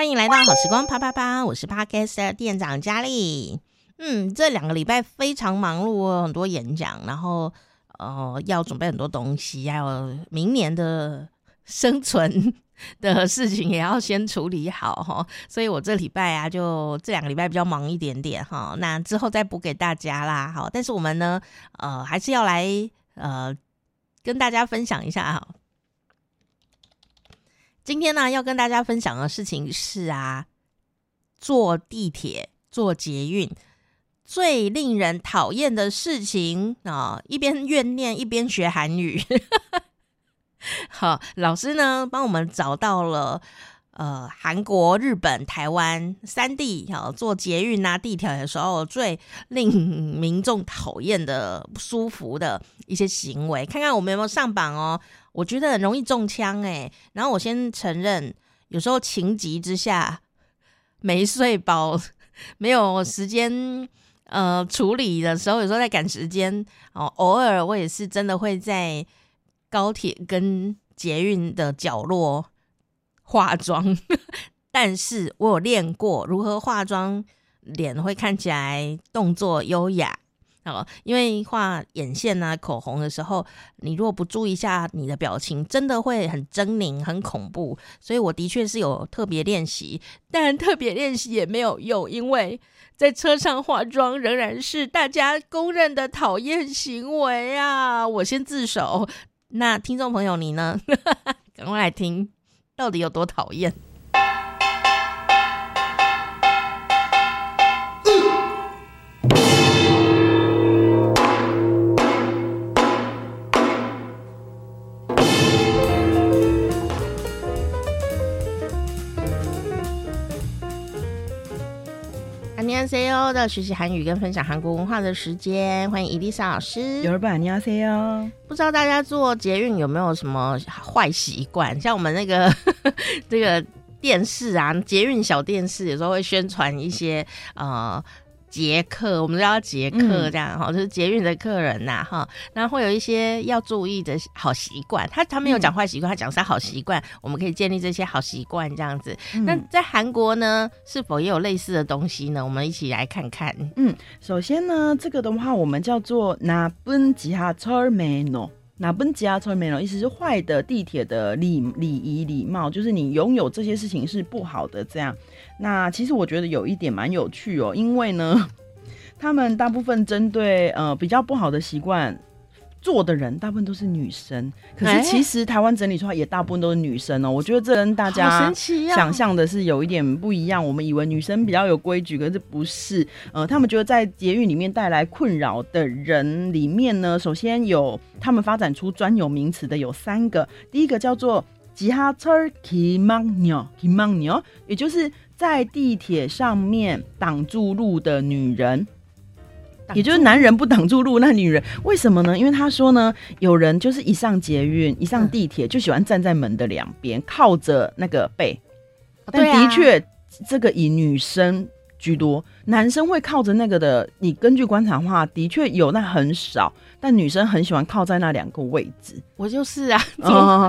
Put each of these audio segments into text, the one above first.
歡迎來到好時光，啪啪啪！我是 Podcast 的店長佳麗。嗯，這兩個禮拜非常忙碌，有很多演講，然後呃要準備很多東西，還有明年的生存的事情也要先處理好哦，所以我這禮拜啊，就這兩個禮拜比較忙一點點哈、哦。那之後再補給大家啦。好、哦，但是我們呢，呃，還是要來呃跟大家分享一下哈。今天呢、啊，要跟大家分享的事情是啊，坐地鐵、坐捷運最令人討厭的事情啊、哦，一邊怨念一邊學韓語。 好，老師呢幫我們找到了。呃，韓國、日本、台灣三地哈，坐捷運啊、地鐵的時候，最令民眾討厭的、不舒服的一些行為，看看我們有沒有上榜哦。我覺得很容易中槍哎、欸。然後我先承認，有時候情急之下沒睡飽，沒有時間呃處理的時候，有時候在趕時間哦。偶爾我也是真的會在高鐵跟捷運的角落。化妝，但是我有練過如何化妝，臉會看起來動作優雅哦。因為畫眼線啊、口紅的時候，你如果不注意一下你的表情，真的會很猙獰、很恐怖。所以我的確是有特別練習，但特別練習也沒有用，因為在車上化妝仍然是大家公認的討厭行為啊。我先自首，那聽眾朋友你呢？趕快來聽。到底有多討厭？安尼 CEO 的學習韓語跟分享韓國文化的時間，歡迎伊麗莎老師。有人不安尼安 CEO，不知道大家坐捷運有沒有什麼壞習慣？像我們那個。 這個電視啊，捷運小電視有時候會宣傳一些呃，捷客。我們叫捷客這樣哈，嗯、就是捷運的客人吶、啊、哈，然後會有一些要注意的好習慣。他他沒有講壞習慣，他講是他好習慣，嗯、我們可以建立這些好習慣這樣子。嗯、那在韓國呢，是否也有類似的東西呢？我們一起來看看。嗯，首先呢，這個的話我們叫做那本吉哈車門諾。那不吉啊，從來沒有，意思是壞的地鐵的禮禮儀禮貌，就是你擁有這些事情是不好的。這樣，那其實我覺得有一點蠻有趣哦、喔，因為呢，他們大部分針對呃比較不好的習慣。坐的人大部分都是女生，可是其實台灣整理出來也大部分都是女生哦、喔。欸、我覺得這跟大家想象的是有一點不一樣。喔、我們以為女生比較有規矩，可是不是。呃，他們覺得在捷運裡面帶來困擾的人裡面呢，首先有他們發展出專有名詞的有三個，第一個叫做“吉哈車雞忙鳥、雞忙鳥”，也就是在地鐵上面擋住路的女人。也就是男人不擋住路，那女人為什麼呢？因為他說呢，有人就是一上捷運、一上地鐵、嗯、就喜歡站在門的兩邊，靠着那個背。但的確，啊、這個以女生。居多，男生會靠着那個的。你根據觀察的話，的確有，但很少。但女生很喜歡靠在那兩個位置。我就是啊，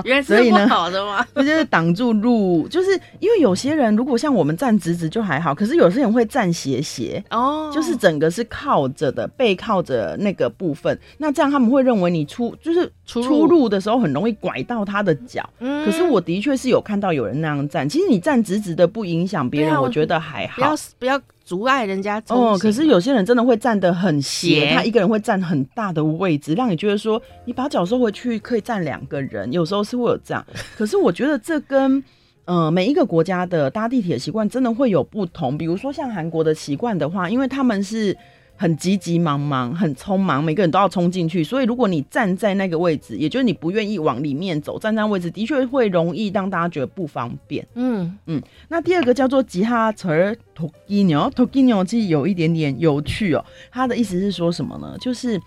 原來是不好的嗎？哦、不就是擋住路， 就是因為有些人如果像我們站直直就還好，可是有些人會站斜斜哦，就是整個是靠着的，背靠着那個部分。那這樣他們會認為你出就是出入,出入的時候很容易拐到他的腳。嗯、可是我的確是有看到有人那樣站。其實你站直直的不影響別人，要我覺得還好。不要不要。不要阻礙人家哦，可是有些人真的會站得很斜、斜，他一個人會占很大的位置，讓你覺得說，你把腳收回去可以站兩個人，有時候是會有這樣。 可是我覺得這跟呃每一個國家的搭地鐵習慣真的會有不同，比如說像韓國的習慣的話，因為他們是。很急急忙忙，很匆忙，每個人都要衝進去。所以，如果你站在那個位置，也就是你不願意往裡面走，站在那個位置的確會容易讓大家覺得不方便。嗯嗯。那第二個叫做吉哈爾托金哦，托金哦，其實有一點點有趣哦。他的意思是說什麼呢？就是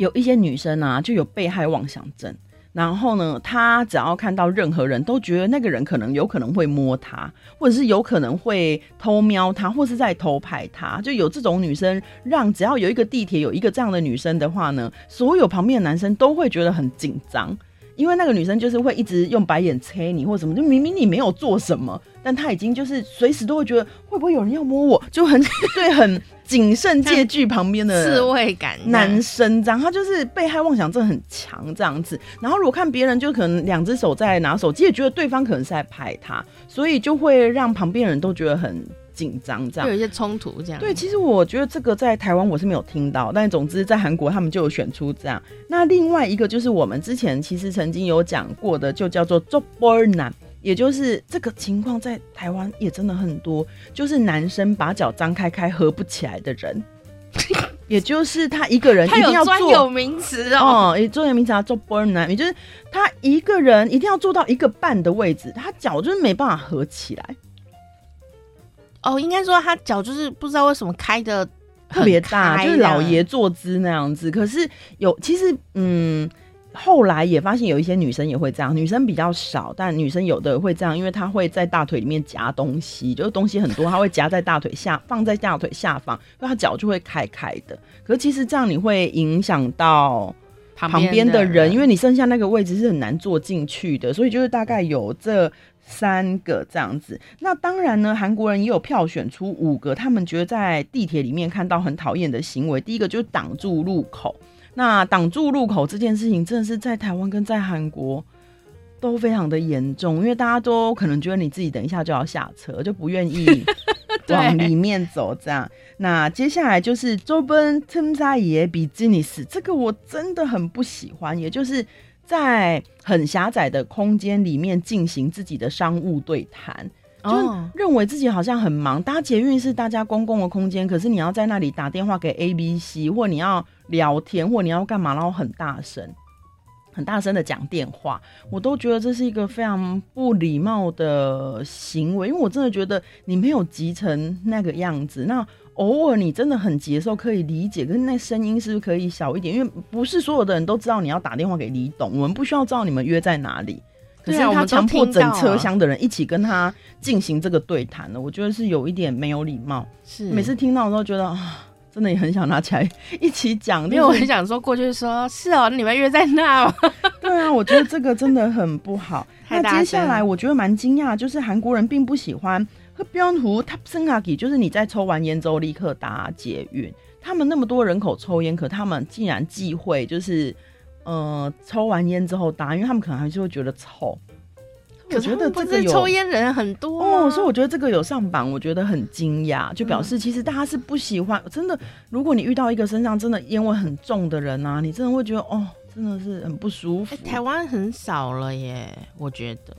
有一些女生啊，就有被害妄想症。然後呢，他只要看到任何人都覺得那個人可能有可能會摸他，或者是有可能會偷瞄他，或是在偷拍他。就有這種女生。讓只要有一個地鐵有一個這樣的女生的話呢，所有旁邊的男生都會覺得很緊張，因為那個女生就是會一直用白眼催你或什麼，就明明你沒有做什麼，但她已經就是隨時都會覺得會不會有人要摸我，就很對很。謹慎借據旁邊的感男生，這樣他就是被害妄想症很強，這樣子。然後如果看別人，就可能兩隻手在拿手機，也覺得對方可能是在拍他，所以就會讓旁邊人都覺得很緊張，這樣。有一些衝突這樣。對，其實我覺得這個在台灣我是沒有聽到，但總之在韓國他們就有選出這樣。那另外一個就是我們之前其實曾經有講過的，就叫做作波男。也就是這個情況在台灣也真的很多，就是男生把腳張開開合不起來的人， 也就是他一個人一定要專有，有名詞哦，專有名詞做 burn 男也就是他一個人一定要坐到一個半的位置，他腳就是沒辦法合起來。哦，應該說他腳就是不知道為什麼開，得開的特別大，就是老爺坐姿那樣子。可是有其實嗯。後來也發現有一些女生也會這樣，女生比較少，但女生有的也會這樣，因為她會在大腿裡面夾東西，就是東西很多，她會夾在大腿下， 放在大腿下方，那她腳就會開開的。可是其實這樣你會影響到旁邊的人，的人因為你剩下那個位置是很難坐進去的，所以就是大概有這三個這樣子。那當然呢，韓國人也有票選出五個，他們覺得在地鐵裡面看到很討厭的行為，第一個就是擋住入口。那擋住入口這件事情，真的是在台灣跟在韓國都非常的嚴重，因為大家都可能覺得你自己等一下就要下車，就不願意往裡面走，這樣， 對那接下來就是周邊稱差也比吉尼斯，這個我真的很不喜歡，也就是在很狹窄的空間裡面進行自己的商務對談。就認為自己好像很忙，搭、哦、捷運是大家公共的空間，可是你要在那裡打電話給 A、B、C，或你要聊天，或你要幹嘛，然後很大聲、很大聲的講電話，我都覺得這是一個非常不禮貌的行為。因為我真的覺得你沒有急成那個樣子。那偶爾你真的很急的時候可以理解，可是那聲音是不是可以小一點？因為不是所有的人都知道你要打電話給李董，我們不需要知道你們約在哪裡。對啊，他強迫整車廂的人一起跟他進行這個對談了，是我覺得是有一點沒有禮貌。是每次聽到我都覺得啊，真的也很想拿起來一起講，因為我很想說過去說是哦、喔，你們約在那。對啊，我覺得這個真的很不好。 聲那接下來我覺得蠻驚訝，就是韓國人並不喜歡喝標壺，他 s e u 就是你在抽完菸之後立刻打捷運，他們那麼多人口抽菸，可他們竟然忌諱就是。呃，抽完煙之後打，因為他們可能還是會覺得臭。可是我覺得抽煙人很多哦，所以我覺得這個有上榜，我覺得很驚訝，就表示其實大家是不喜歡。嗯，真的，如果你遇到一個身上真的煙味很重的人啊，你真的會覺得哦，真的是很不舒服。欸，台灣很少了耶，我覺得。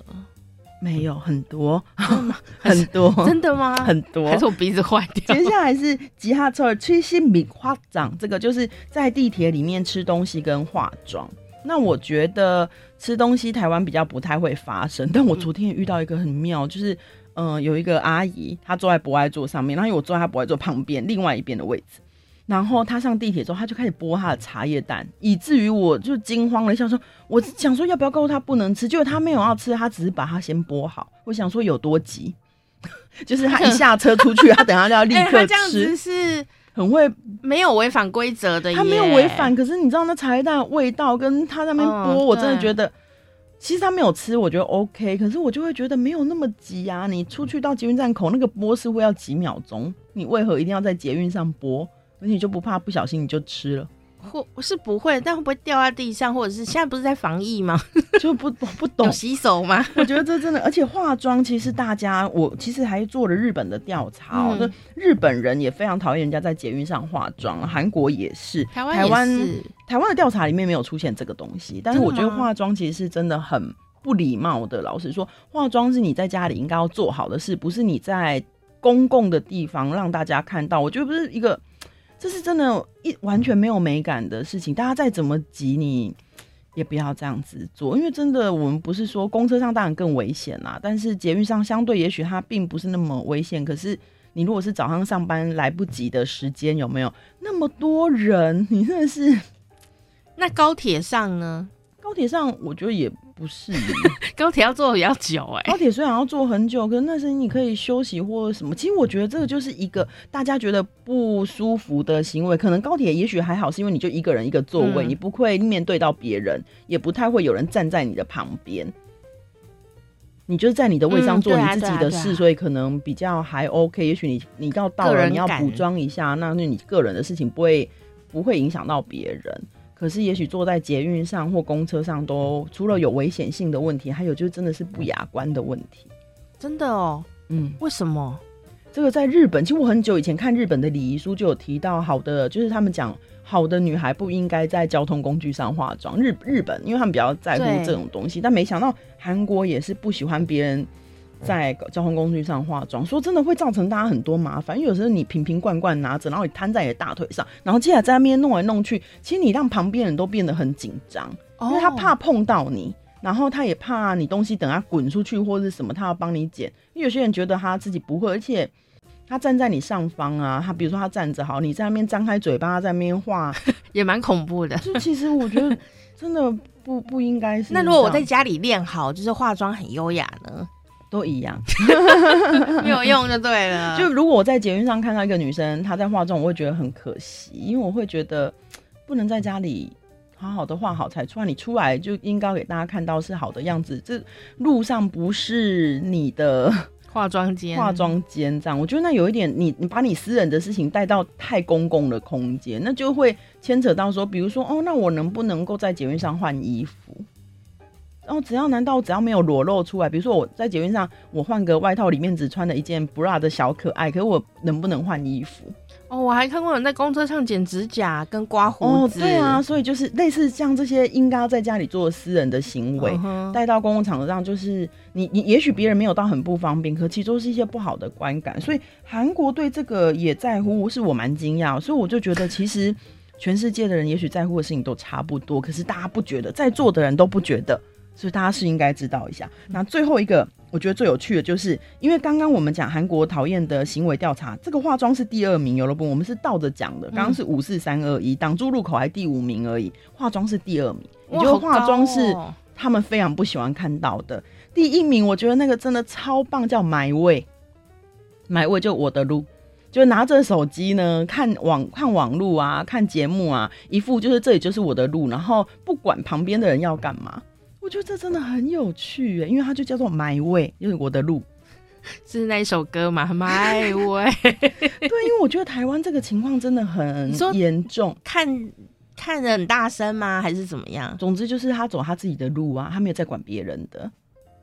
沒有很多，嗯、很多，真的嗎？很多，還是我鼻子壞掉？接下來是吉哈錯吹西米花掌，這個就是在地鐵裡面吃東西跟化妝。那我覺得吃東西台灣比較不太會發生，但我昨天也遇到一個很妙，嗯、就是嗯、呃，有一個阿姨她坐在博愛座上面，然後我坐在她博愛座旁邊另外一邊的位置。然後他上地鐵之後，他就開始剝他的茶葉蛋，以至於我就驚慌了一下，說：“我想說要不要告訴他不能吃？”結果他沒有要吃，他只是把它先剝好。我想說有多急， 就是他一下車出去， 他等下就要立刻吃，欸、這樣子是很會沒有違反規則的。他沒有違反，可是你知道那茶葉蛋的味道跟他在那邊剝，哦、我真的覺得其實他沒有吃，我覺得 OK。可是我就會覺得沒有那麼急啊！你出去到捷運站口那個剝是會要幾秒鐘，你為何一定要在捷運上剝？那你就不怕不小心你就吃了？或是不會，但會不會掉在地上，或者是現在不是在防疫嗎？ 就不不，不懂洗手嗎？ 我覺得這真的，而且化妝其實大家，我其實還做了日本的調查，喔，就、嗯、日本人也非常討厭人家在捷運上化妝，韓國也是，台灣台灣灣台灣的調查裡面沒有出現這個東西，但是我覺得化妝其實是真的很不禮貌的。老實說，化妝是你在家裡應該要做好的事，不是你在公共的地方讓大家看到。我覺得不是一個。這是真的，一完全沒有美感的事情。大家再怎麼急你，你也不要這樣子做，因為真的，我們不是說公車上當然更危險啦，但是捷運上相對，也許它並不是那麼危險。可是你如果是早上上班來不及的時間，有沒有那麼多人？你真的是。那高鐵上呢？高鐵上，我覺得也。不是， 高鐵要坐比較久哎、欸。高鐵雖然要坐很久，可是那是你可以休息或什麼。其實我覺得這個就是一個大家覺得不舒服的行為。可能高鐵也許還好，是因為你就一個人一個座位，嗯、你不會面對到別人，也不太會有人站在你的旁邊。你就是在你的位上、嗯、做你自己的事，嗯啊啊啊、所以可能比較還 OK 也。也許你你要到了你要補妝一下，那那你個人的事情不，不會不會影響到別人。可是，也許坐在捷運上或公車上，都除了有危險性的問題，還有就真的是不雅觀的問題，真的哦，嗯，為什麼？這個在日本，其實我很久以前看日本的禮儀書就有提到，好的，就是他們講好的女孩不應該在交通工具上化妝。日日本，因為他們比較在乎這種東西，對但沒想到韓國也是不喜歡別人，在交通工具上化妝，說真的會造成大家很多麻煩，因為有時候你瓶瓶罐罐拿着，然後你攤在你的大腿上，然後接下來在那邊弄來弄去，其實你讓旁邊人都變得很緊張，哦、因為他怕碰到你，然後他也怕你東西等下滾出去或者什麼，他要幫你撿。因為有些人覺得他自己不會，而且他站在你上方啊，他比如說他站着好，你在那邊張開嘴巴在那邊畫，也蠻恐怖的。就其實我覺得真的不不應該是。 那如果我在家裡練好，就是化妝很優雅呢？都一樣， 沒有用就對了。 就如果我在捷運上看到一個女生，她在化妝，我會覺得很可惜，因為我會覺得不能在家裡好好的化好才出來，你出來就應該給大家看到是好的樣子。這路上不是你的化妝間，化妝間這樣，我覺得那有一點你，你你把你私人的事情帶到太公共的空間，那就會牽扯到說，比如說哦，那我能不能夠在捷運上換衣服？哦，只要難道只要沒有裸露出來，比如說我在捷運上，我換個外套，裡面只穿了一件 bra 的小可愛，可是我能不能換衣服？哦，我還看過人在公車上剪指甲跟刮鬍子。哦，對啊，所以就是類似像這些應該要在家裡做私人的行為，帶、uh huh. 到公共場上，就是你你也許別人沒有到很不方便，可其中是一些不好的觀感。所以韓國對這個也在乎，是我蠻驚訝。所以我就覺得其實全世界的人也許在乎的事情都差不多，可是大家不覺得，在座的人都不覺得。所以大家是應該知道一下。那最後一個，我覺得最有趣的，就是因為剛剛我們講韓國討厭的行為調查，這個化妝是第二名。有了不？我們是倒着講的，剛剛是五四三二一，擋住入口還第五名而已，化妝是第二名。我覺得哇化妝是他們非常不喜歡看到的。哦、第一名，我覺得那個真的超棒，叫 My Way，My Way 就我的路，就拿着手機呢，看網看網路啊，看節目啊，一副就是這裡就是我的路，然後不管旁邊的人要幹嘛。我覺得這真的很有趣耶因為他就叫做 my way，就是我的路是那一首歌嘛，my way。對，因為我覺得台灣這個情況真的很嚴重，so, 看看得很大聲嗎，還是怎麼樣？總之就是他走他自己的路啊，他沒有在管別人的。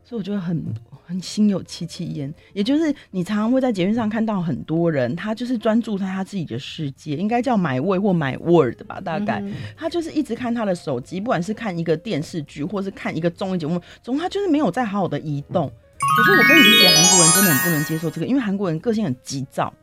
所以我覺得很很心有戚戚焉，也就是你常常會在捷運上，看到很多人，他就是專注在他自己的世界，應該叫 my way 或 my word 吧，大概，嗯、他就是一直看他的手機，不管，是看一個電視劇或是看一個綜藝節目，總之他就是沒有在好好的移動。嗯、可是我可以理解韓國人真的很不能接受這個，因為韓國人個性很急躁，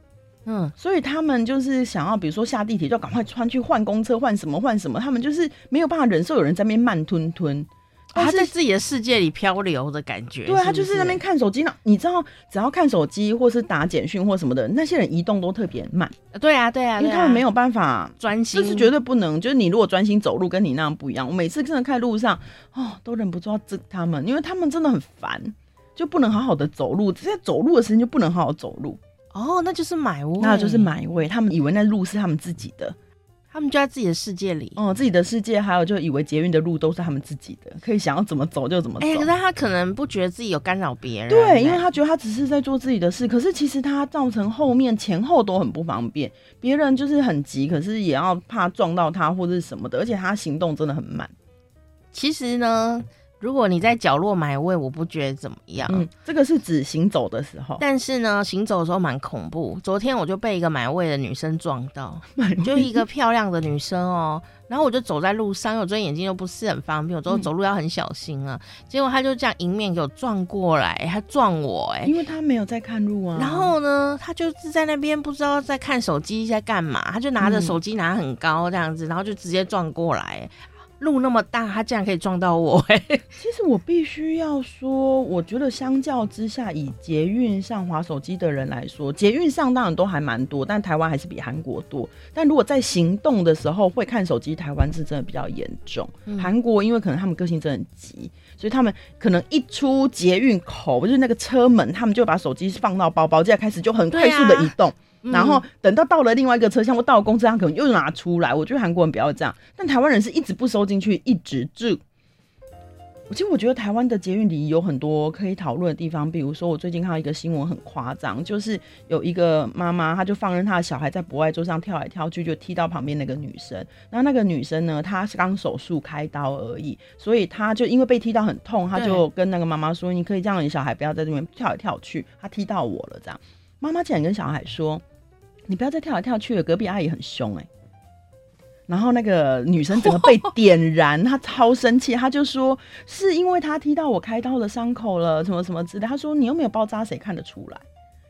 嗯，所以他們就是想要，比如說下地鐵就要趕快穿去換公車，換什麼換什麼，他們就是沒有辦法忍受有人在那邊慢吞吞。啊、他在自己的世界裡漂流的感覺。對、啊，他就是那邊看手機呢。你知道，只要看手機或是打簡訊或什麼的，那些人移動都特別慢、啊。對啊，對啊，因為他們沒有辦法專心。啊啊、這是絕對不能。專心。就是你如果專心走路，跟你那樣不一樣。我每次真的看路上，哦，都忍不住要治他們，因為他們真的很煩，就不能好好的走路。在走路的時間就不能好好走路。哦，那就是買屋，那就是買位。他們以為那路是他們自己的。他們就在自己的世界裡，哦、嗯，自己的世界，還有就以為捷運的路都是他們自己的，可以想要怎麼走就怎麼走。哎、欸，可是他可能不覺得自己有干擾別人，對，因為他覺得他只是在做自己的事。可是其實他造成後面前後都很不方便，別人就是很急，可是也要怕撞到他或者是什麼的，而且他行動真的很慢。其實呢。如果你在角落買位，我不覺得怎麼樣。嗯，這個是指行走的時候。但是呢，行走的時候蠻恐怖。昨天我就被一個買位的女生撞到，買位。就一個漂亮的女生哦、喔。然後我就走在路上，因為我戴眼睛又不是很方便，我走走路要很小心啊。嗯，結果她就這樣迎面給我撞過來，她撞我、欸，哎，因為她沒有在看路啊。然後呢，她就是在那邊不知道在看手機在幹嘛，她就拿着手機拿很高這樣子，嗯，然後就直接撞過來。路那麼大，他竟然可以撞到我、欸！其實我必須要說，我覺得相較之下，以捷運上滑手機的人來說，捷運上當然都還蠻多，但台灣還是比韓國多。但如果在行動的時候會看手機，台灣是真的比較嚴重。韓、嗯、國因為可能他們個性真的很急，所以他們可能一出捷運口，就是那個車門，他們就把手機放到包包，這樣開始就很快速的移動。然後等到到了另外一個車廂，我到了公車上，他可能又拿出來。我覺得韓國人不要這樣，但台灣人是一直不收進去，一直住。其實我覺得台灣的捷運禮儀有很多可以討論的地方。比如說，我最近看到一個新聞很誇張，就是有一個媽媽，她就放任她的小孩在博愛座上跳來跳去，就踢到旁邊那個女生。那那個女生呢，她是剛手術開刀而已，所以她就因為被踢到很痛，她就跟那個媽媽說：“對你可以讓你小孩不要在這邊跳來跳去，她踢到我了。”這樣，媽媽竟然跟小孩說。你不要再跳來跳去了，隔壁阿姨很兇哎、欸。然後那個女生怎麼被點燃？Oh. 她超生氣，她就說是因為她踢到我開刀的傷口了，什麼什麼之類的。她說你又沒有包紮，誰看得出來？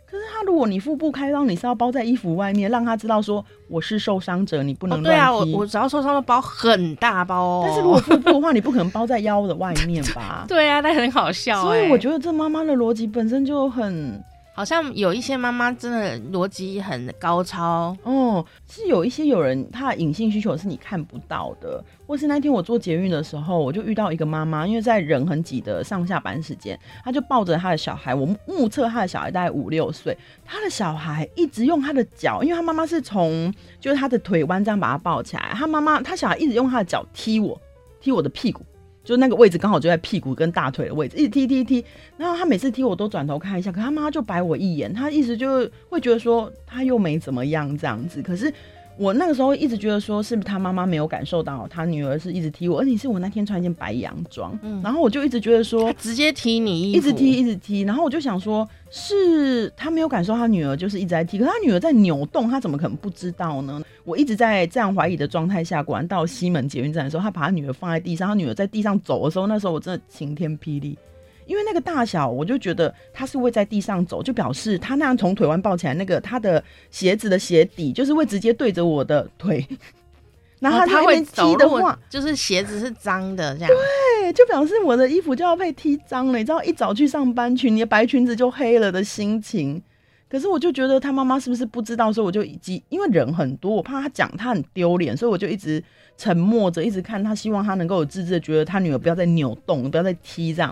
可是她，如果你腹部開刀，你是要包在衣服外面，讓她知道說我是受傷者，你不能、oh, 對啊。我我只要受傷的包很大包、哦，但是如果腹部的話，你不可能包在腰的外面吧？ 對啊，但很好笑、欸、所以我覺得這媽媽的邏輯本身就很。好像有一些媽媽真的邏輯很高超哦，是有一些有人她的隱性需求是你看不到的。或是那天我坐捷運的時候，我就遇到一個媽媽，因為在人很擠的上下班時間，她就抱着她的小孩，我目測她的小孩大概五六歲，她的小孩一直用她的腳，因為她媽媽是從就是她的腿彎這樣把她抱起來，她媽媽她小孩一直用她的腳踢我，踢我的屁股。就那個位置剛好就在屁股跟大腿的位置，一直踢踢踢，然後他每次踢我都轉頭看一下，可他媽就白我一眼，他意思就會覺得說他又沒怎麼樣這樣子，可是。我那個時候一直覺得說是不是他媽媽沒有感受到他女兒是一直踢我，而且是我那天穿一件白洋裝，嗯，然後我就一直覺得說他直接踢你，一直踢一直踢，然後我就想說是他沒有感受他女兒就是一直在踢，可是他女兒在扭動，他怎麼可能不知道呢？我一直在這樣懷疑的狀態下，果然到西門捷運站的時候，他把他女兒放在地上，他女兒在地上走的時候，那時候我真的晴天霹靂。因為那個大小，我就覺得他是會在地上走，就表示他那樣從腿彎抱起來，那個他的鞋子的鞋底就是會直接對着我的腿， 然後他會踢的話，啊、就是鞋子是髒的這樣。對，就表示我的衣服就要被踢髒了，你知道一早去上班去，你的白裙子就黑了的心情。可是我就覺得他媽媽是不是不知道，所以我就幾因為人很多，我怕他講他很丟臉，所以我就一直沉默着，一直看他，希望他能夠有自制，覺得他女兒不要再扭動，不要再踢這樣。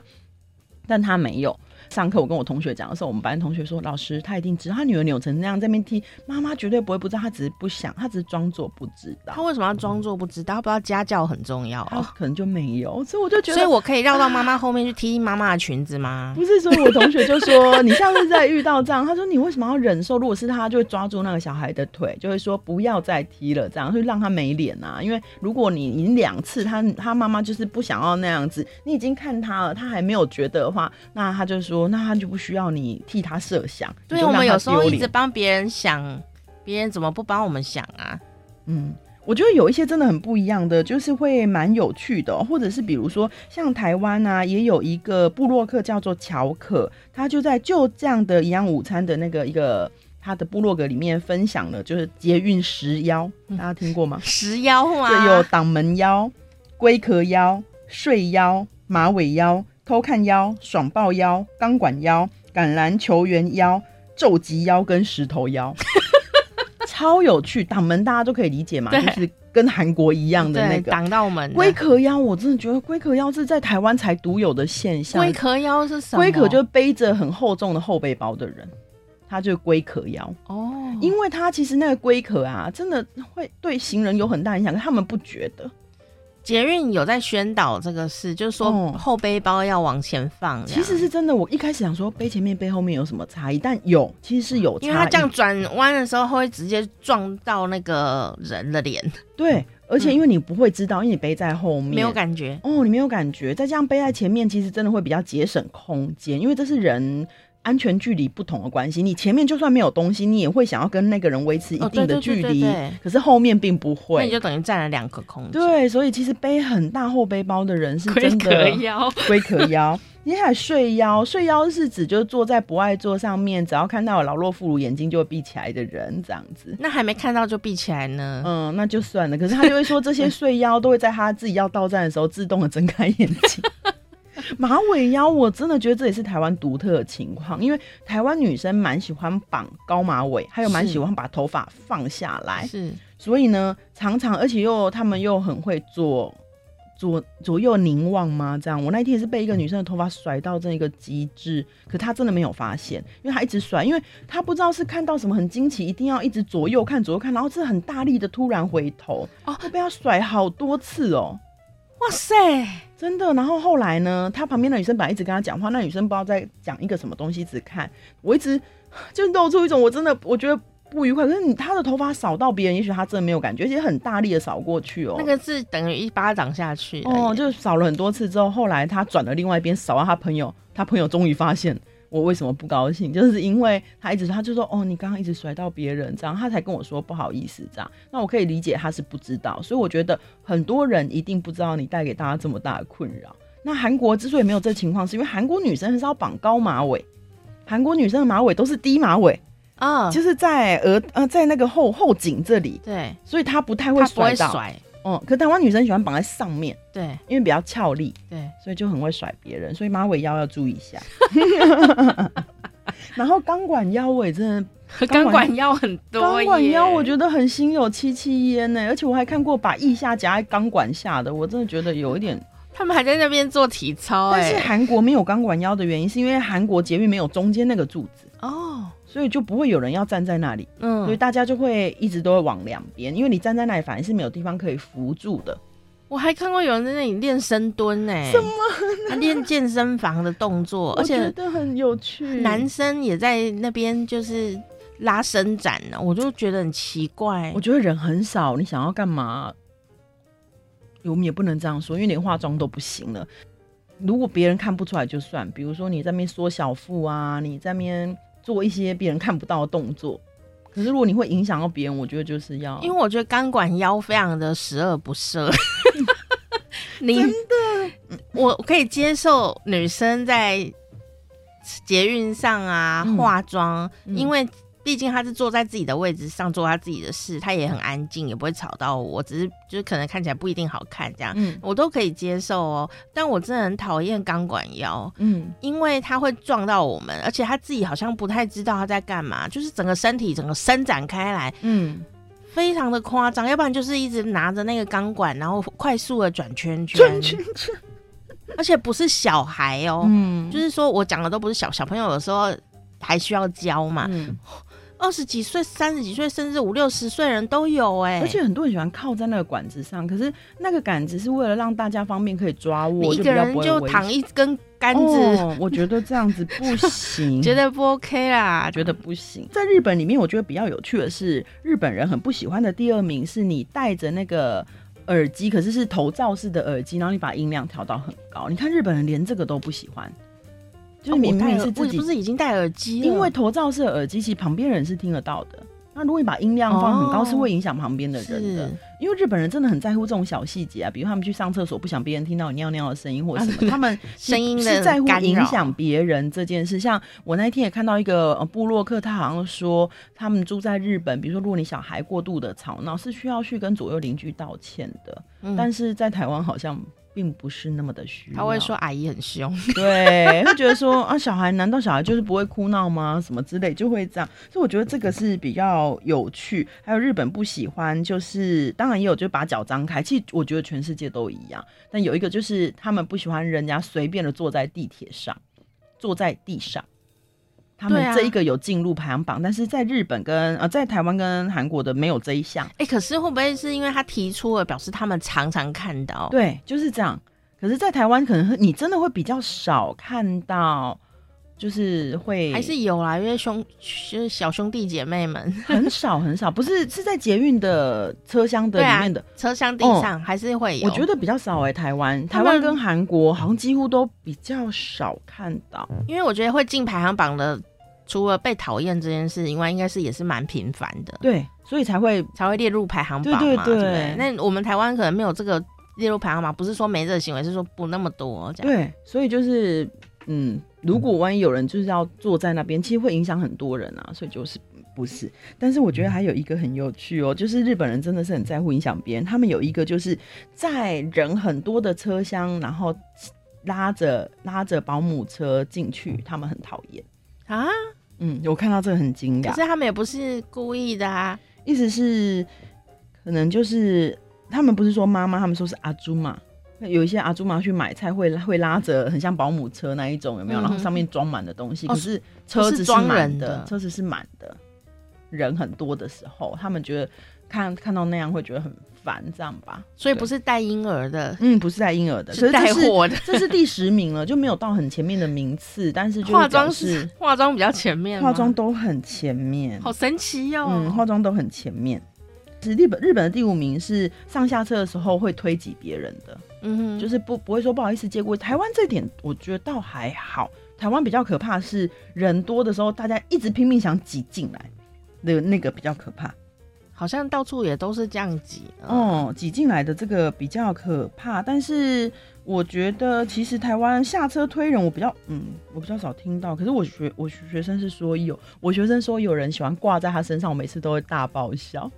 但他沒有。上課我跟我同學講的時候，我們班的同學說：“老師，他一定知道，他女兒扭成那樣，在那邊踢媽媽，媽媽絕對不會不知道。他只是不想，他只是裝作不知道。他為什麼要裝作不知道？嗯、他不知道家教很重要哦，可能就沒有。所以我就覺得，所以我可以繞到媽媽後面去踢媽媽的裙子嗎？啊，不是，所以我同學就說， 你下次再遇到這樣，他說你為什麼要忍受？ 如果是他，就會抓住那個小孩的腿，就會說不要再踢了，這樣會讓他沒臉啊。因為如果你已經兩次，他他媽媽就是不想要那樣子，你已經看他了，他還沒有覺得的話，那他就說。”那他就不需要你替他設想。對，我們有時候一直幫別人想，別人怎麼不幫我們想啊？嗯，我覺得有一些真的很不一樣的，就是會蠻有趣的，哦，或者是比如說像台灣啊，也有一個部落客叫做喬可，他就在就這樣的一樣午餐的那個一個他的部落格裡面分享了，就是捷運十妖，嗯、大家聽過嗎？十妖啊，有擋門妖、龜殼妖、睡妖、馬尾妖。偷看妖、爽爆妖、鋼管妖、橄欖球員妖、皺吉妖跟石頭妖， 超有趣。擋門大家都可以理解嘛，對就是跟韓國一樣的那個擋道門。龜殼妖，我真的覺得龜殼妖是在台灣才獨有的現象。龜殼妖是啥？龜殼就是背着很厚重的後背包的人，他就是龜殼妖哦。因為他其實那個龜殼啊，真的會對行人有很大影響，是他們不覺得。捷運有在宣導這個事，就是說後背包要往前放，嗯。其實是真的，我一開始想說背前面背後面有什麼差異，但有，其實是有差異，嗯。因為它這樣轉彎的時候會直接撞到那個人的臉。對，而且因為你不會知道，嗯、因為你背在後面，沒有感覺哦，你沒有感覺。在這樣背在前面，其實真的會比較節省空間，因為這是人。安全距離不同的關係，你前面就算沒有東西，你也會想要跟那個人維持一定的距離。可是後面並不會，你就等於佔了兩個空。對，所以其實背很大後背包的人是真的妖龜殼妖，你還 睡妖，睡妖是指就是坐在博愛座上面，只要看到有老弱婦孺眼睛就閉起來的人，這樣子。那還沒看到就閉起來呢？嗯，那就算了。可是他就會說，這些睡妖都會在他自己要到站的時候自動的睜開眼睛。 馬尾腰，我真的覺得這也是台灣獨特的情況，因為台灣女生蠻喜歡綁高馬尾，還有蠻喜歡把頭髮放下來，是，是所以呢，常常而且又她們又很會左左左右凝望嗎？這樣。我那一天也是被一個女生的頭髮甩到這一個極致，可她真的沒有發現，因為她一直甩，因為她不知道是看到什麼很驚奇，一定要一直左右看左右看，然後是很大力的突然回頭哦，啊、會被她甩好多次哦！哇塞，真的！然後後來呢？他旁邊的女生本來一直跟他講話，那女生不知道在講一個什麼東西，一直看，我一直就露出一種我真的我覺得不愉快。可是他的頭髮掃到別人，也許他真的沒有感覺，而且很大力的掃過去哦、喔，那個是等於一巴掌下去哦，Oh, 就掃了很多次之後，後來他轉了另外一邊掃到他朋友，他朋友終於發現。我為什麼不高興？就是因為他一直，他就說：“哦，你剛剛一直甩到別人，這樣他才跟我說不好意思，這樣。”那我可以理解他是不知道，所以我覺得很多人一定不知道你帶給大家這麼大的困擾。那韓國之所以沒有這情況，是因為韓國女生很少綁高馬尾，韓國女生的馬尾都是低馬尾啊，嗯、就是在額呃在那個後後頸這裡。對，所以她不太會甩到。哦、嗯，可是台灣女生喜歡綁在上面，對，因為比較俏麗，對，所以就很會甩別人，所以馬尾腰要注意一下。 然後鋼管腰我也真的，鋼 管腰，鋼管腰很多，鋼管腰我覺得很心有戚戚焉呢。而且我還看過把腋下夾在鋼管下的，我真的覺得有一點。嗯、他們還在那邊做體操，但是韓國沒有鋼管腰的原因是因為韓國捷運沒有中間那個柱子哦。所以就不會有人要站在那裡，嗯，所以大家就會一直都會往兩邊，因為你站在那裡，反正是沒有地方可以扶住的。我還看過有人在那裡練深蹲，欸，呢，什麼？他練健身房的動作，而且都很有趣。男生也在那邊就是拉伸展呢，啊，我就覺得很奇怪。我覺得人很少，你想要幹嘛？我們也不能這樣說，因為連化妝都不行了。如果別人看不出來就算，比如說你在那邊縮小腹啊，你在那邊。做一些別人看不到的動作，可是如果你會影響到別人，我覺得就是要。因為我覺得鋼管腰非常的十惡不赦 你。真的，我可以接受女生在捷運上啊化妝，因為。畢竟他是坐在自己的位置上做他自己的事，他也很安靜，也不會吵到我。我只是就是可能看起來不一定好看這樣，嗯、我都可以接受哦。但我真的很討厭鋼管腰，嗯，因為他會撞到我們，而且他自己好像不太知道他在幹嘛，就是整個身體整個伸展開來，嗯，非常的誇張。要不然就是一直拿着那個鋼管，然後快速的轉圈圈，轉圈圈， 而且不是小孩哦，嗯，就是說我講的都不是小小朋友的時候，還需要教嘛，嗯。二十幾歲、三十幾歲，甚至五六十歲人都有哎、欸，而且很多人喜歡靠在那個管子上。可是那個桿子是為了讓大家方便可以抓握，一個人就，就躺一根桿子，哦，我覺得這樣子不行， 覺得不 OK 啦，覺得不行。 在日本裡面，我覺得比較有趣的是，日本人很不喜歡的第二名是你戴着那個耳機，可是是頭罩式的耳機，然後你把音量調到很高。你看日本人連這個都不喜歡。就是明明是自己，我戴，我不是已經戴耳機了？因為頭罩式的耳機，其實旁邊人是聽得到的。那如果你把音量放很高，oh, 是會影響旁邊的人的。因為日本人真的很在乎這種小細節啊，比如他們去上廁所，不想別人聽到你尿尿的聲音，或者什麼，啊、他們聲音是在乎影響別人這件事。啊、像我那一天也看到一個呃部落客，他好像說他們住在日本，比如說如果你小孩過度的吵鬧，是需要去跟左右鄰居道歉的。嗯、但是在台灣好像並不是那麼的需要。他會說阿姨很兇，對他 覺得說啊，小孩難道小孩就是不會哭鬧嗎？什麼之類，就會這樣。所以我覺得這個是比較有趣。還有日本不喜歡就是當。也有就把腳張開，其實我覺得全世界都一樣。但有一個就是他們不喜歡人家隨便的坐在地鐵上，坐在地上。他們這一個有進入排行榜，啊、但是在日本跟呃在台灣跟韓國的沒有這一項。哎、欸，可是會不會是因為他提出了表示他們常常看到？對，就是這樣。可是，在台灣可能你真的會比較少看到。就是會還是有啦，因為兄就是小兄弟姐妹們 很少很少，不是，是在捷運的車廂的裡面的、啊、車廂地上、嗯、還是會有。我覺得比較少哎、欸，台灣們台灣跟韓國好像幾乎都比較少看到。因為我覺得會進排行榜的，除了被討厭這件事以外，應該是也是蠻頻繁的。對，所以才會才會列入排行榜嘛，對對對，對，對。那我們台灣可能沒有這個列入排行榜，不是說沒這個行為，是說不那麼多這樣。對，所以就是。嗯，如果萬一有人就是要坐在那邊，其實會影響很多人啊，所以就是不是。但是我覺得還有一個很有趣哦，就是日本人真的是很在乎影響別人。他們有一個就是在人很多的車廂，然後拉着拉着保姆車進去，他們很討厭啊。嗯，我看到這個很驚訝，可是他們也不是故意的啊。意思是可能就是他們不是說媽媽，他們說是阿祖嘛。有一些阿朱媽去買菜會會拉着很像保姆車那一種有沒有？嗯、哼然後上面裝滿的東西，可是車子是裝人的、哦，車子是滿的、的，人很多的時候，他們覺得看看到那樣會覺得很煩，這樣吧？所以不是帶嬰兒的，對嗯，不是帶嬰兒的，是帶貨的。是這，是這是第十名了， 就沒有到很前面的名次，但是就化妝是化妝比較前面，化妝都很前面，好神奇喲、哦！嗯，化妝都很前面。日本日本的第五名是上下車的時候會推擠別人的，嗯哼，就是不不會說不好意思借過。台灣這點我覺得倒還好，台灣比較可怕的是人多的時候大家一直拼命想擠進來的那個比較可怕。好像到處也都是這樣擠，嗯，哦、擠進來的這個比較可怕。但是我覺得其實台灣下車推人我比較，嗯，我比較少聽到。可是我學我學生是說有，我學生說有人喜歡掛在他身上，我每次都會大爆笑。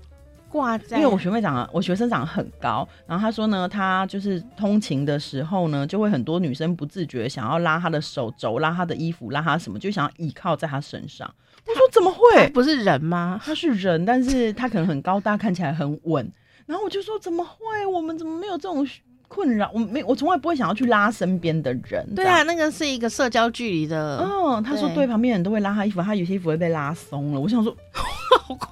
掛在，因為我學妹長，我學生長很高，然後他說呢，他就是通勤的時候呢，就會很多女生不自覺想要拉他的手肘，拉他的衣服，拉他什麼，就想要倚靠在他身上。我說他怎麼會？他不是人嗎？他是人，但是他可能很高大， 看起來很穩。然後我就說怎麼會？我們怎麼沒有這種困擾？我沒，我從來不會想要去拉身邊的人。對啊，樣那個是一個社交距離的。嗯、哦，他說對，對旁邊人都會拉他衣服，他有些衣服會被拉鬆了。我想說， 好快！」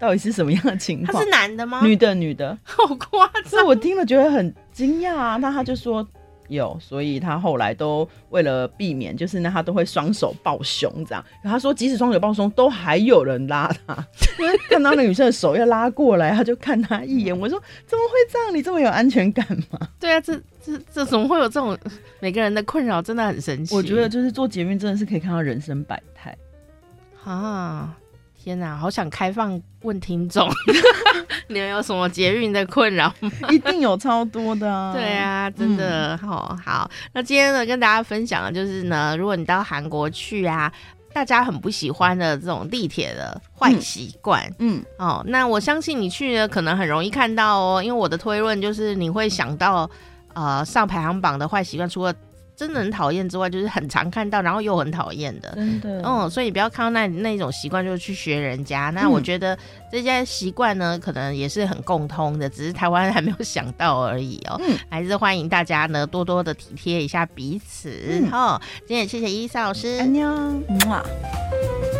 到底是什麼樣的情況？他是男的嗎？女的，女的，好誇張！所以我聽了覺得很驚訝啊。那他就說有，所以他後來都為了避免，就是那他都會雙手抱胸這樣。可他說，即使雙手抱胸，都還有人拉他，因為 看到那女生的手要拉過來， 他就看他一眼。我說，怎麼會這樣？你這麼有安全感嗎？對啊，這這這怎麼會有這種每個人的困擾？真的很神奇。我覺得就是做節目真的是可以看到人生百態，啊。天吶、啊，好想開放問聽眾， 你們有什麼捷運的困擾？一定有超多的啊！ 對啊，真的好、嗯哦、好，那今天呢，跟大家分享的就是呢，如果你到韓國去啊，大家很不喜歡的這種地鐵的壞習慣。嗯，哦，那我相信你去呢，可能很容易看到哦，因為我的推論就是你會想到，呃，上排行榜的壞習慣，除了。真的很討厭之外，就是很常看到，然後又很討厭的。嗯的、哦，所以你不要看到那那一種習慣，就是去學人家。那我覺得這些習慣呢，嗯、可能也是很共通的，只是台灣還沒有想到而已哦。嗯、還是歡迎大家呢，多多的體貼一下彼此。好，嗯、今天也謝謝伊薩老師，嗯